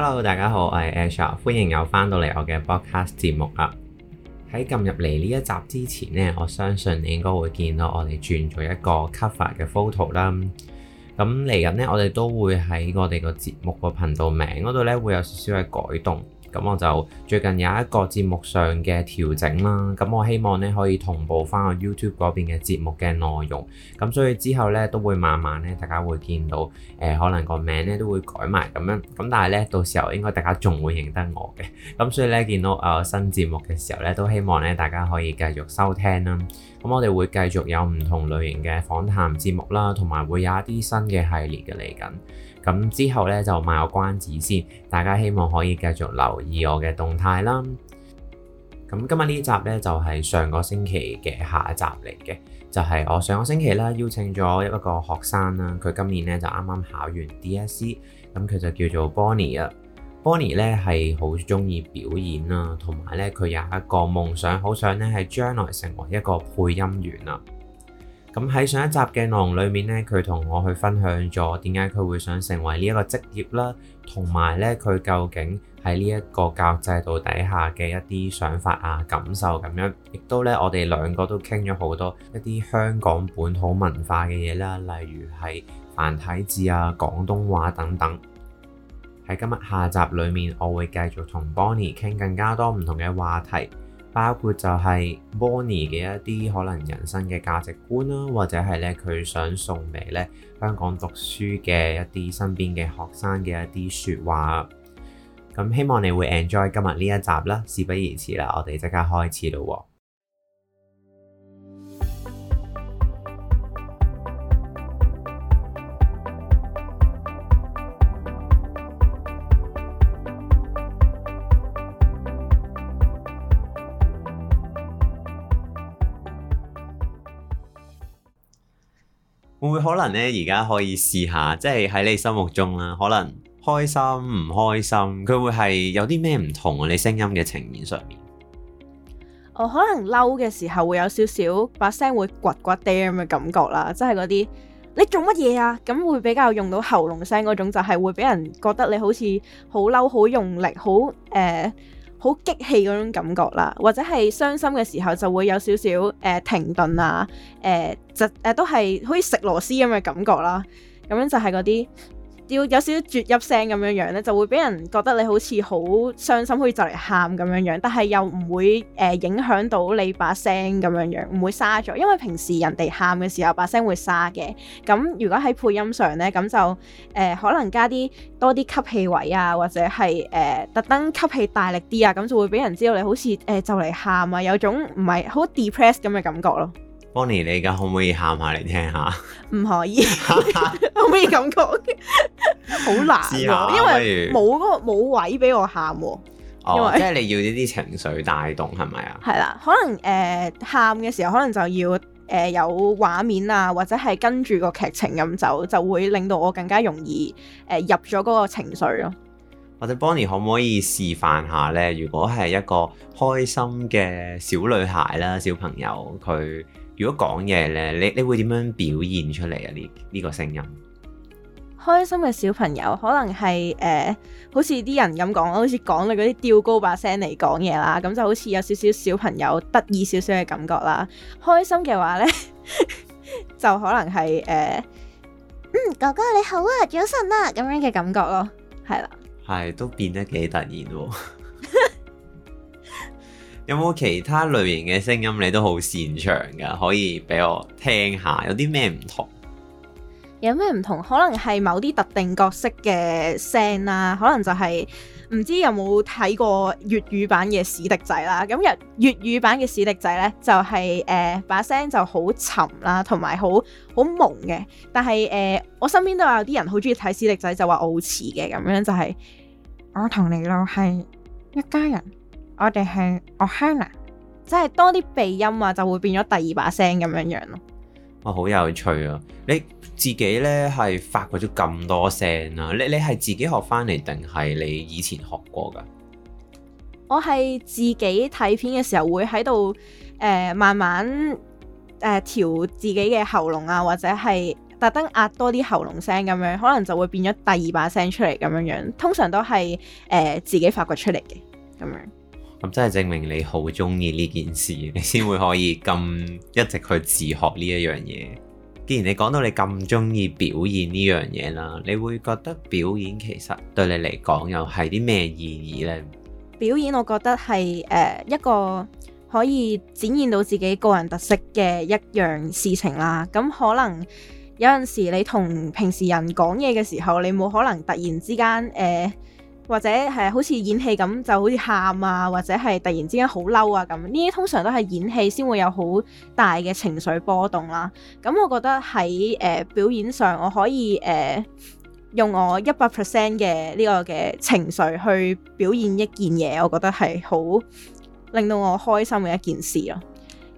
Hello，大家好，我係 Ash，歡迎又翻到嚟我嘅 broadcast 節目啊！喺撳入嚟呢一集之前呢，我相信你應該會見到我哋轉咗一個 cover 嘅 photo 啦。咁嚟緊呢，我哋都會喺我哋個節目個頻道名嗰度呢，會有少少嘅改動。咁我就最近有一個節目上嘅調整啦，咁我希望咧可以同步翻我 YouTube 嗰邊嘅節目嘅內容，咁所以之後咧都會慢慢咧，大家會見到，誒可能個名咧都會改埋咁樣，咁但係咧到時候應該大家仲會認得我嘅，咁所以咧見到誒新節目嘅時候咧，都希望咧大家可以繼續收聽啦，咁我哋會繼續有唔同類型嘅訪談節目啦，同埋會有一啲新嘅系列嘅嚟緊。咁之後咧就賣個關子先，大家希望可以繼續留意我嘅動態啦。咁今日呢集呢，就係上個星期嘅下一集嚟嘅，就係我上個星期啦邀請咗一個學生啦，佢今年咧就啱啱考完 DSE 咁佢就叫做 Bonnie 啊。Bonnie 咧係好中意表演啦，同埋咧佢有一個夢想，好想咧喺將來成為一個配音員啊。咁喺上一集嘅內容裏面咧，佢同我去分享咗點解佢會想成為呢一個職業啦，同埋咧佢究竟喺呢一個教育制度底下嘅一啲想法啊、感受咁樣，亦都咧我哋兩個都傾咗好多一啲香港本土文化嘅嘢啦，例如係繁體字啊、廣東話等等。喺今日下集裏面，我會繼續同 Bonnie 傾更加多唔同嘅話題。包括就係 Bonnie 嘅一啲可能人生嘅價值觀啦，或者係咧佢想送俾咧香港讀書嘅一啲身邊嘅學生嘅一啲說話。咁希望你會 enjoy 今日呢一集啦。事不宜遲啦，我哋即刻開始咯喎。會可能咧，而家可以試下，即係喺你心目中啦，可能開心唔開心，佢會係有啲咩唔同啊？你聲音嘅呈現上面，我可能嬲嘅時候會有少少把聲會刮刮啲咁嘅感覺啦，即係嗰啲你做乜嘢啊？咁會比較用到喉嚨聲嗰種，就係、是、會俾人覺得你好似好嬲、好用力、好誒。呃好激氣嗰種感覺啦，或者係傷心嘅時候就會有少少誒停頓啊，誒、呃、就誒、呃、都係好似食螺絲咁嘅感覺啦，咁樣就係嗰啲。要有少少啜泣聲咁樣樣咧，就會俾人覺得你好似好傷心，可以就嚟喊咁樣樣，但係又唔會誒、呃、影響到你把聲咁樣樣，唔會沙咗，因為平時人哋喊嘅時候把聲會沙嘅。咁如果喺配音上咧，咁就誒、呃、可能加啲多啲吸氣位啊，或者係誒、呃、特登吸氣大力啲啊，咁就會俾人知道你好似誒就嚟喊啊，有種唔係好 depressed 咁嘅感覺咯。Bonnie 你而家可唔可以喊下嚟聽下？唔可以，可唔可以咁講嘅？好難、啊，因為冇個冇位俾我喊、啊。哦，因為即係你要呢啲情緒帶動係咪啊？係啦，可能誒喊嘅時候，可能就要誒、呃、有畫面啊，或者係跟住個劇情咁走，就會令到我更加容易誒、呃、入咗嗰個情緒咯、啊。或者 Bonnie 可唔可以示範下咧？如果係一個開心嘅小女孩啦，小朋友佢。如果講嘢咧，你你會點樣表現出嚟啊？呢、這、呢個聲音開心嘅小,、呃、小朋友，可能係誒，好似啲人咁講，好似講嗰啲吊高把聲嚟講嘢啦，咁就好似有少少小朋友得意少少嘅感覺啦。開心嘅話咧， 就可能係誒，呃、嗯，哥哥你好啊，早晨啊，咁樣嘅感覺咯，係啦，係都變得幾突然喎。有冇其他類型嘅聲音你都好擅長噶，可以俾我聽下，有啲咩唔同？有咩唔同？可能係某啲特定角色嘅聲啦，可能就係、是、唔知有冇睇過粵語版嘅史迪仔啦。咁日粵語版嘅史迪仔呢，就係誒把聲就好沉啦，同埋好好矇嘅。但係誒、呃，我身邊都有啲人好中意睇史迪仔，就話好似嘅咁樣、就是，就係我同你咯，係一家人。我哋係哦香啦，即係多啲鼻音啊，就會變咗第二把聲咁樣樣咯。哇，好有趣啊！你自己呢係發掘咗咁多聲啊？你你係自己學翻嚟定係你以前學過噶？我係自己睇片嘅時候會喺度誒，慢慢誒調、呃、自己嘅喉嚨啊，或者係特登壓多啲喉嚨聲咁樣，可能就會變咗第二把聲出嚟咁樣樣。通常都係誒、呃、自己發掘出嚟嘅咁樣。咁真係證明你好中意呢件事，你先會可以咁一直去自學呢一樣嘢。既然你講到你咁中意表演呢樣嘢啦，你會覺得表演其實對你嚟講又係啲咩意義呢？表演我覺得係誒一個可以展現到自己個人特色嘅一樣事情啦。咁可能有陣時你同平時人講嘢嘅時候，你冇可能突然之間誒。呃或者係好似演戲咁，就好似喊啊，或者係突然之間好嬲啊咁。呢啲通常都係演戲先會有好大嘅情緒波動啦。咁、嗯、我覺得喺誒、呃、表演上，我可以誒、呃、用我一百 percent 嘅呢個嘅情緒去表現一件嘢，我覺得係好令到我開心嘅一件事咯。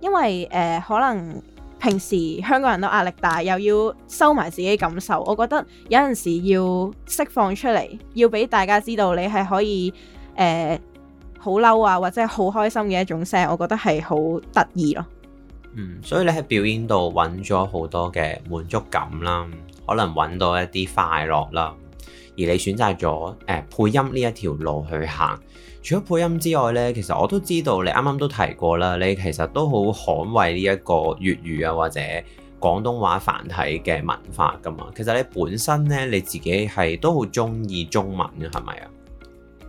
因為誒、呃、可能，平時香港人都壓力大，又要收埋自己感受，我覺得有陣時要釋放出嚟，要俾大家知道你係可以誒好嬲呀，或者好開心嘅一種聲，我覺得係好得意咯。嗯，所以你喺表演度揾咗好多嘅滿足感啦，可能揾到一啲快樂啦。而你選擇咗誒、呃、配音呢一條路去行，除咗配音之外呢，其實我都知道你啱啱都提過啦，你其實都好捍衞呢一個粵語啊或者廣東話繁體嘅文化噶嘛。其實你本身呢，你自己係都好中意中文，係咪啊？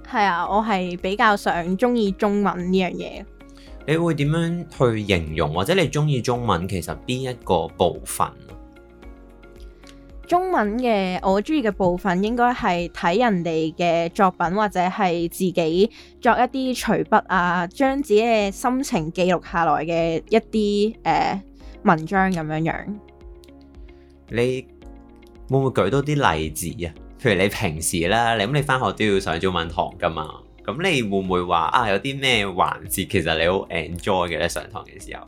係啊，我係比較想中意中文呢樣嘢。你會點樣去形容或者你中意中文其實邊一個部分？中文嘅我中意嘅部分，應該係睇人哋嘅作品，或者係自己作一啲隨筆啊，將自己嘅心情記錄下來嘅一啲誒、呃、文章咁樣樣。你會唔會舉多啲例子啊？譬如你平時啦，你咁你返學都要上中文堂㗎嘛，咁你會唔會話啊有啲咩環節其實你好 enjoy 嘅咧，上堂嘅時候？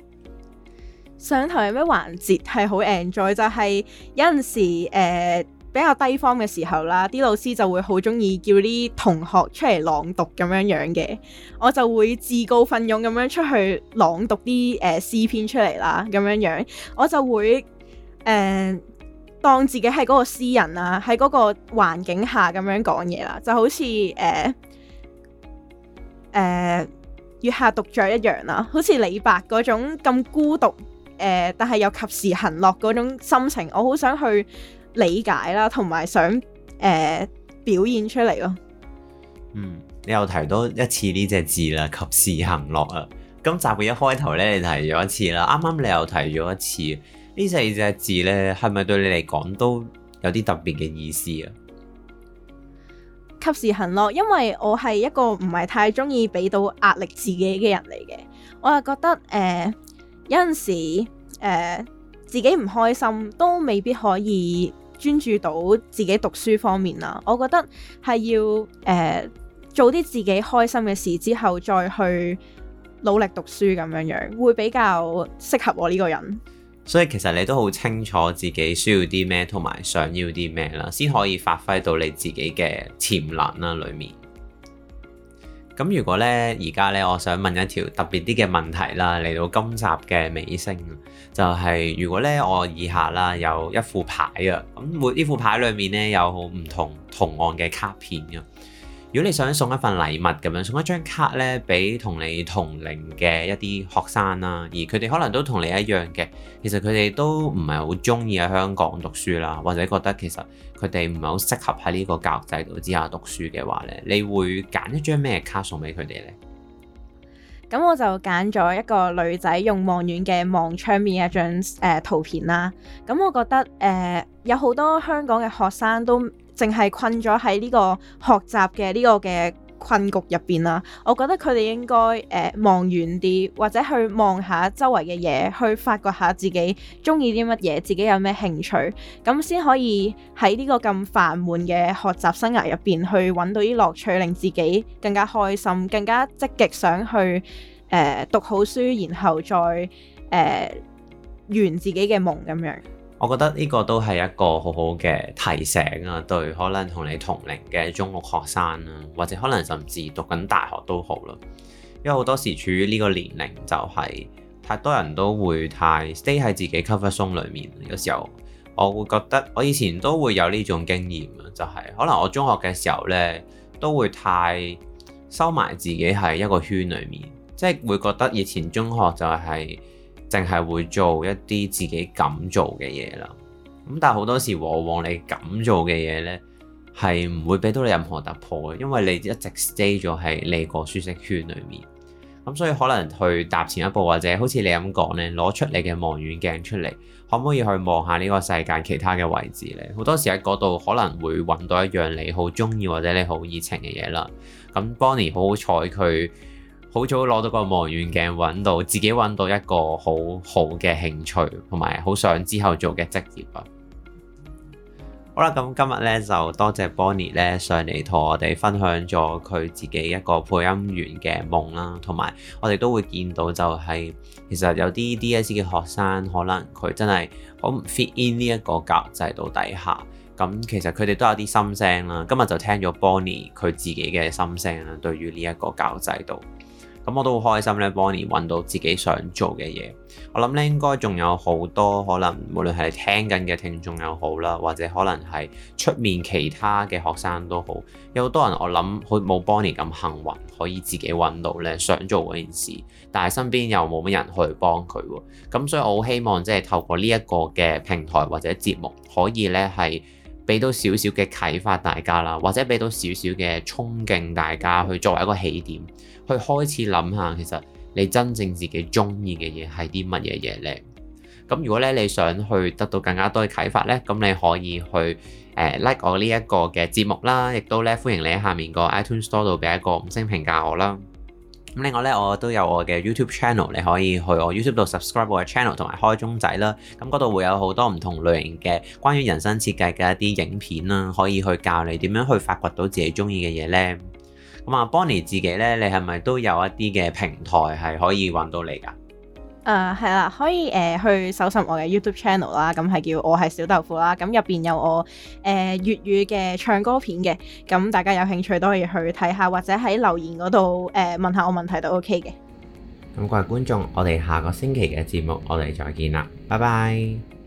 上台有咩環節係好 enjoy 就係、是、有陣時誒、呃、比較低 form 嘅時候啦，啲老師就會好中意叫啲同學出嚟朗讀咁樣樣嘅，我就會自告奮勇咁樣出去朗讀啲誒詩篇出嚟啦，咁樣樣我就會誒、呃、當自己係嗰個詩人啦，喺嗰個環境下咁樣講嘢啦，就好似誒誒月下獨酌一樣啦，好似李白嗰種咁孤獨。誒，但係又及時行樂嗰種心情，我好想去理解啦，同埋想誒、呃、表現出嚟咯。嗯，你又提多一次呢隻字啦，及時行樂啊。咁集嘅一開頭咧，你提咗一次啦，啱啱你又提咗一次四呢四隻字咧，係咪對你嚟講都有啲特別嘅意思啊？及時行樂，因為我係一個唔係太中意俾到壓力自己嘅人嚟嘅，我就覺得誒。呃有陣時，誒、呃，自己唔開心都未必可以專注到自己讀書方面啦。我覺得係要誒、呃、做啲自己開心嘅事之後，再去努力讀書咁樣樣，會比較適合我呢個人。所以其實你都好清楚自己需要啲咩，同埋想要啲咩啦，先可以發揮到你自己嘅潛能啦，裏面。咁如果呢而家咧，我想問一條特別啲嘅問題啦，嚟到今集嘅尾聲，就係如果呢，我以下啦有一副牌啊，咁呢副牌裏面呢，有唔同圖案嘅卡片嘅。如果你想送一份禮物咁樣，送一張卡咧，俾同你同齡嘅一啲學生啦，而佢哋可能都同你一樣嘅，其實佢哋都唔係好中意喺香港讀書啦，或者覺得其實佢哋唔係好適合喺呢個教育制度之下讀書嘅話咧，你會揀一張咩卡送俾佢哋呢？咁我就揀咗一個女仔用望遠鏡望窗面一張誒圖片啦。咁我覺得誒、呃，有好多香港嘅學生都～淨係困咗喺呢個學習嘅呢個嘅困局入邊啦，我覺得佢哋應該誒、呃、望遠啲，或者去望下周圍嘅嘢，去發掘下自己中意啲乜嘢，自己有咩興趣，咁先可以喺呢個咁煩悶嘅學習生涯入邊去揾到啲樂趣，令自己更加開心，更加積極想去誒、呃、讀好書，然後再誒圓、呃、自己嘅夢咁樣。我覺得呢個都係一個好好嘅提醒啊，對可能同你同齡嘅中六學生啊，或者可能甚至讀緊大學都好啦，因為好多時處於呢個年齡、就是，就係太多人都會太 stay 喺自己 comfort zone 裡面。有時候我會覺得，我以前都會有呢種經驗啊，就係、是、可能我中學嘅時候呢，都會太收埋自己喺一個圈裡面，即係會覺得以前中學就係、是。淨係會做一啲自己敢做嘅嘢啦。咁但係好多時，往往你敢做嘅嘢呢，係唔會俾到你任何突破嘅，因為你一直 stay 咗喺你個舒適圈裏面。咁所以可能去踏前一步，或者好似你咁講咧，攞出你嘅望遠鏡出嚟，可唔可以去望下呢個世界其他嘅位置咧？好多時喺嗰度可能會揾到一樣你好中意或者你好熱情嘅嘢啦。咁 Bonnie 好好彩，佢。好早攞到個望遠鏡，揾到自己，揾到一個好好嘅興趣，同埋好想之後做嘅職業啊！好啦，咁今日呢，就多謝 Bonnie 呢上嚟同我哋分享咗佢自己一個配音員嘅夢啦，同埋我哋都會見到就係，其實有啲 DSE 嘅學生可能佢真係好唔 fit in 呢一個教制度底下，咁其實佢哋都有啲心聲啦。今日就聽咗 Bonnie 佢自己嘅心聲啦，對於呢一個教制度。咁我都好開心咧 Bonnie 揾到自己想做嘅嘢。我諗咧應該仲有好多可能，無論係聽緊嘅聽眾又好啦，或者可能係出面其他嘅學生都好，有好多人我諗佢冇 Bonnie 咁幸運，可以自己揾到咧想做嗰件事，但係身邊又冇乜人去幫佢喎。咁所以我好希望即係透過呢一個嘅平台或者節目，可以咧係，俾到少少嘅啟發大家啦，或者俾到少少嘅憧憬大家去作為一個起點，去開始諗下其實你真正自己中意嘅嘢係啲乜嘢嘢咧？咁如果咧你想去得到更加多嘅啟發呢，咁你可以去誒、呃、like 我呢一個嘅節目啦，亦都咧歡迎你喺下面個 iTunes Store 度俾一個五星評價我啦。另外咧，我都有我嘅 YouTube channel，你可以去我 YouTube 度 subscribe 我嘅 channel 同埋開鐘仔啦。咁嗰度會有好多唔同類型嘅關於人生設計嘅一啲影片啦，可以去教你點樣去發掘到自己中意嘅嘢咧。咁、嗯、啊，Bonnie 自己咧，你係咪都有一啲嘅平台係可以揾到你噶？誒係啦，可以誒、呃、去搜尋我嘅 YouTube channel 啦、啊，咁係叫我係小豆腐啦，咁入邊有我誒、呃、粵語嘅唱歌片嘅，咁、啊、大家有興趣都可以去睇下，或者喺留言嗰度誒問下我問題都 OK 嘅。咁各位觀眾，我哋下個星期嘅節目我哋再見啦，拜拜。